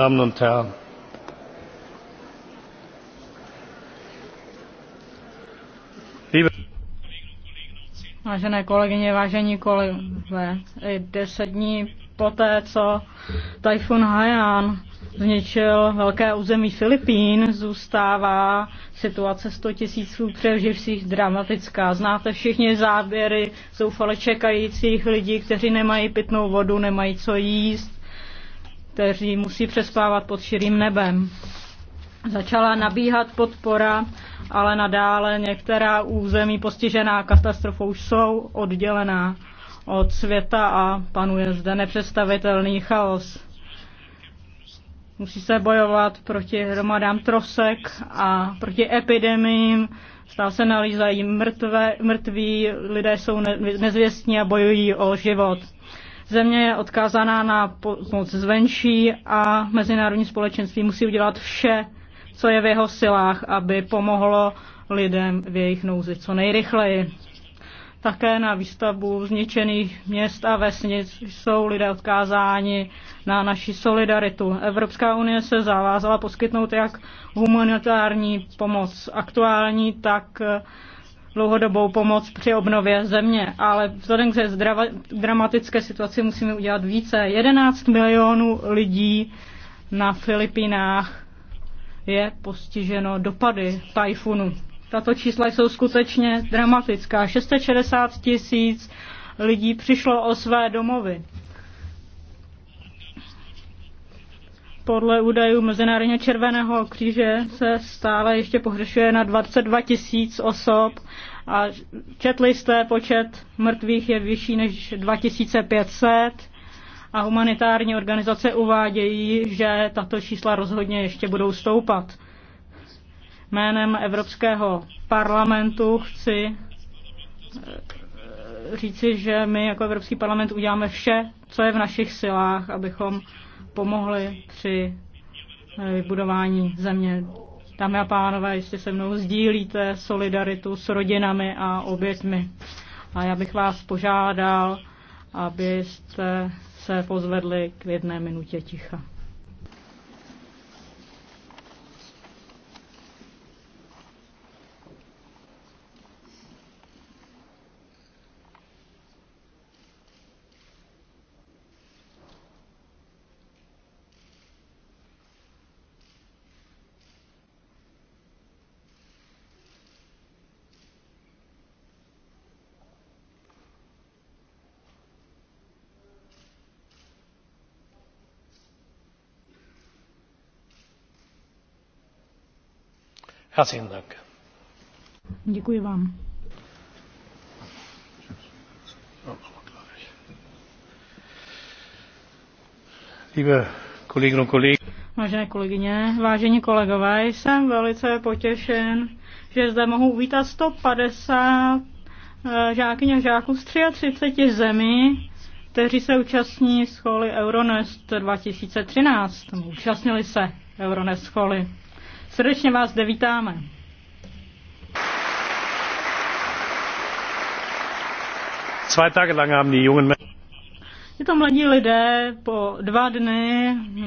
damen und herren! vážené kolegyně vážení kolegové deset dní poté co tajfun haiyan zničil velké území filipín zůstává situace sto tisíců přeživších dramatická. Znáte všichni záběry zoufale čekajících lidí, kteří nemají pitnou vodu, nemají co jíst, kteří musí přespávat pod širým nebem. Začala nabíhat podpora, ale nadále některá území postižená katastrofou jsou oddělená od světa a panuje zde nepředstavitelný chaos. Musí se bojovat proti hromadám trosek a proti epidemiím. Stále se nalízají mrtvé, mrtví, lidé jsou nezvěstní a bojují o život. Země je odkázaná na pomoc zvenší a mezinárodní společenství musí udělat vše, co je v jeho silách, aby pomohlo lidem v jejich nouzi co nejrychleji. Také na výstavbu zničených měst a vesnic jsou lidé odkázáni na naši solidaritu. Evropská unie se zavázala poskytnout jak humanitární pomoc aktuální, tak dlouhodobou pomoc při obnově země, ale vzhledem k zdrava, dramatické situaci musíme udělat více. 11 milionů lidí na Filipínách je postiženo dopady tajfunu. Tato čísla jsou skutečně dramatická. 660 tisíc lidí přišlo o své domovy. Podle údajů Mezinárodního červeného kříže se stále ještě pohřešuje na 22 tisíc osob a četli jste, počet mrtvých je vyšší než 2500 a humanitární organizace uvádějí, že tato čísla rozhodně ještě budou stoupat. Jménem Evropského parlamentu chci říci, že my jako Evropský parlament uděláme vše, co je v našich silách, abychom pomohli při eh, vybudování země. Dámy a pánové, jestli se mnou sdílíte solidaritu s rodinami a obětmi. A já bych vás požádal, abyste se pozvedli k jedné minutě ticha. Děkuji vám. Liebe Kolleginnen und Kollegen. Vážené kolegyně, vážení kolegové, jsem velice potěšen, že zde mohu uvítat 150 eh, žákyně a žáků z 33 zemí, kteří se účastní scholy Euronest 2013. Účastnili se Euronest scholy. Srdečně vás zde vítáme. Zwei Tage mladí lidé po dva dny